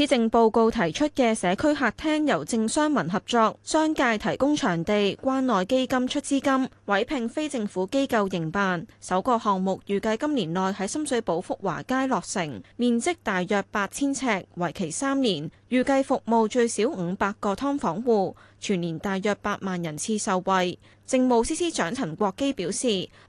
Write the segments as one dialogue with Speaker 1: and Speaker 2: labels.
Speaker 1: 施政報告提出嘅社區客廳由政商民合作，商界提供場地，關內基金出資金，委聘非政府機構營辦。首個項目預計今年內喺深水埗福華街落成，面積大約八千尺，為期三年，預計服務最少五百個劏房戶。全年大約八萬人次受惠。政務司司長陳國基表示，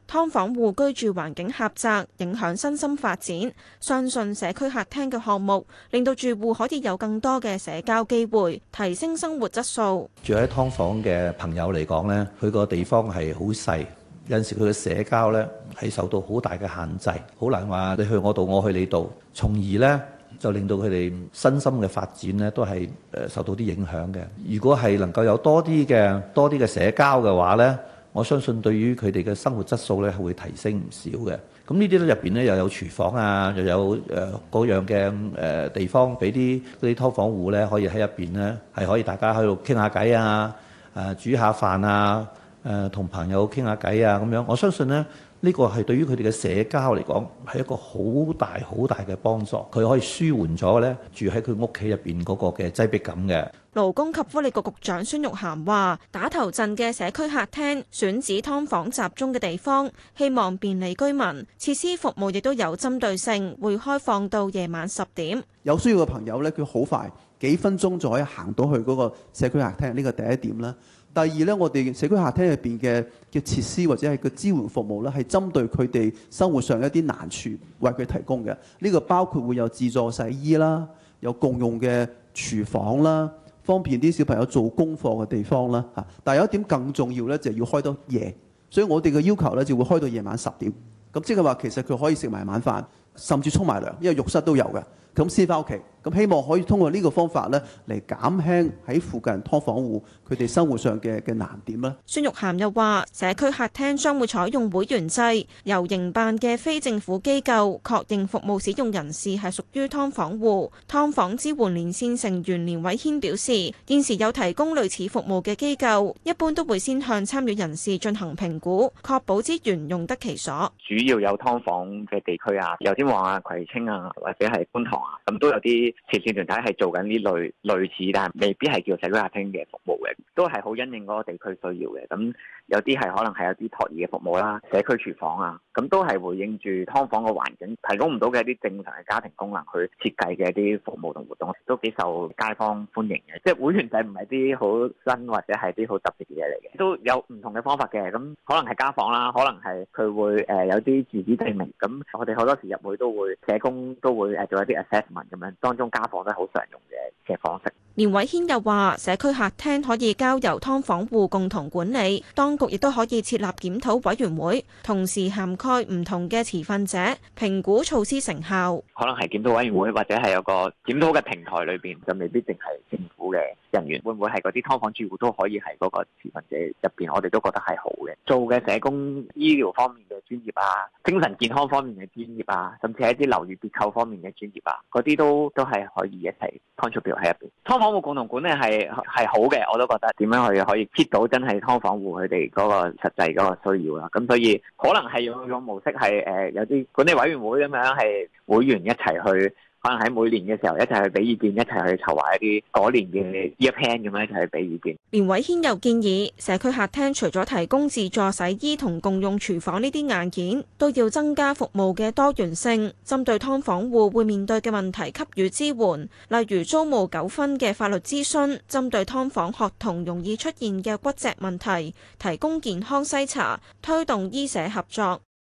Speaker 1: 劏房戶居住環境狹窄，影響身心發展。相信社區客廳嘅項目，令到住戶可以有更多嘅社交機會，提升生活質素。
Speaker 2: 住喺劏房嘅朋友嚟講呢，佢個地方係好細，有陣時佢嘅社交呢係受到好大嘅限制，好難話你去我度，我去你度，從而呢。就令到佢哋身心嘅發展咧，都係誒、呃、受到啲影響嘅。如果係能夠有多啲嘅多啲嘅社交嘅話咧，我相信對於佢哋嘅生活質素咧，係會提升唔少嘅。咁、嗯、呢啲咧，入邊咧又有廚房啊，又有誒、呃、各樣嘅誒、呃呃、地方俾啲嗰啲劏房戶咧，可以喺入邊咧係可以大家喺度傾下偈啊，誒、呃、煮下飯啊，誒、呃、同朋友傾下偈啊咁樣。我相信咧。呢個係對於佢哋嘅社交嚟講係一個好大好大嘅幫助，佢可以舒緩咗咧住喺佢屋企入邊嗰個嘅擠迫感嘅。
Speaker 1: 勞工及福利局局長孫玉菡話：打頭陣嘅社區客廳選址劏房集中嘅地方，希望便利居民，設施服務亦都有針對性，會開放到夜晚十點。
Speaker 3: 有需要嘅朋友咧，佢好快幾分鐘就可以行到去嗰個社區客廳，呢個第一點啦。第二呢，我哋社區客廳入邊嘅嘅設施或者係個支援服務呢，係針對佢哋生活上一啲難處為佢提供嘅。呢個包括會有自助洗衣啦，有共用嘅廚房啦，方便啲小朋友做功課嘅地方啦嚇。但有一點更重要呢，就要開到夜，所以我哋嘅要求呢，就會開到夜晚十點。咁即係話其實佢可以食埋晚飯，甚至沖埋涼，因為浴室都有嘅，咁先翻屋企。咁希望可以通過呢個方法咧，嚟減輕喺附近劏房戶佢哋生活上嘅嘅難點啦。
Speaker 1: 孫玉菡又話社區客廳將會採用會員制，由營辦嘅非政府機構確認服務使用人士係屬於劏房戶。劏房支援連線成員連偉謙表示：現時有提供類似服務嘅機構一般都會先向參與人士進行評估，確保資源用得其所。
Speaker 4: 主要有劏房嘅地區啊，油尖旺啊、葵青啊，或者係觀塘啊。咁都有啲慈善團體係做緊呢類類似，但係未必係叫社區客廳嘅服務嘅。都係好因應嗰個地區需要嘅，咁有啲係可能係有啲托兒嘅服務啦，社區廚房啊，咁都係回應住劏房嘅環境提供唔到嘅一啲正常嘅家庭功能，去設計嘅一啲服務同活動，都幾受街坊歡迎嘅。即係會員制唔係啲好新或者係啲好特別嘅嘢嚟嘅，都有唔同嘅方法嘅。咁可能係家訪啦，可能係佢會誒有啲住址證明。咁我哋好多時入會都會社工都會做一啲 assessment 咁樣，當中家訪都係好常用嘅嘅方式。
Speaker 1: 連偉軒又話：社區客廳可以交由劏房戶共同管理，當局亦都可以設立檢討委員會，同時涵蓋唔同嘅持份者，評估措施成效。
Speaker 4: 可能係檢討委員會，或者係有個檢討嘅平台裏邊，就未必淨係政府嘅人員。會唔會係嗰啲劏房住戶都可以係嗰個持份者入邊？我哋都覺得係好嘅。做嘅社工、醫療方面嘅專業啊，精神健康方面嘅專業啊，甚至係一啲樓宇結構方面嘅專業啊，嗰啲都都係可以一齊 contribute 喺入邊。房屋共同管理係係好嘅，我都覺得點樣去可以 keep 到真係劏房戶佢哋嗰個實際嗰個需要啦。咁所以可能係用個模式係誒有啲管理委員
Speaker 1: 會咁樣，係
Speaker 4: 會員一齊去。可能喺每年嘅時候一齊去俾意見，一齊去籌劃一啲嗰年嘅 year plan 咁樣一齊去俾意見。
Speaker 1: 連偉軒又建議社區客廳除咗提供自助洗衣同共用廚房呢啲硬件，都要增加服務嘅多元性，針對劏房戶會面對嘅問題給予支援，例如租務糾紛嘅法律諮詢，針對劏房學童容易出現嘅骨折問題提供健康篩查，推動醫社合作。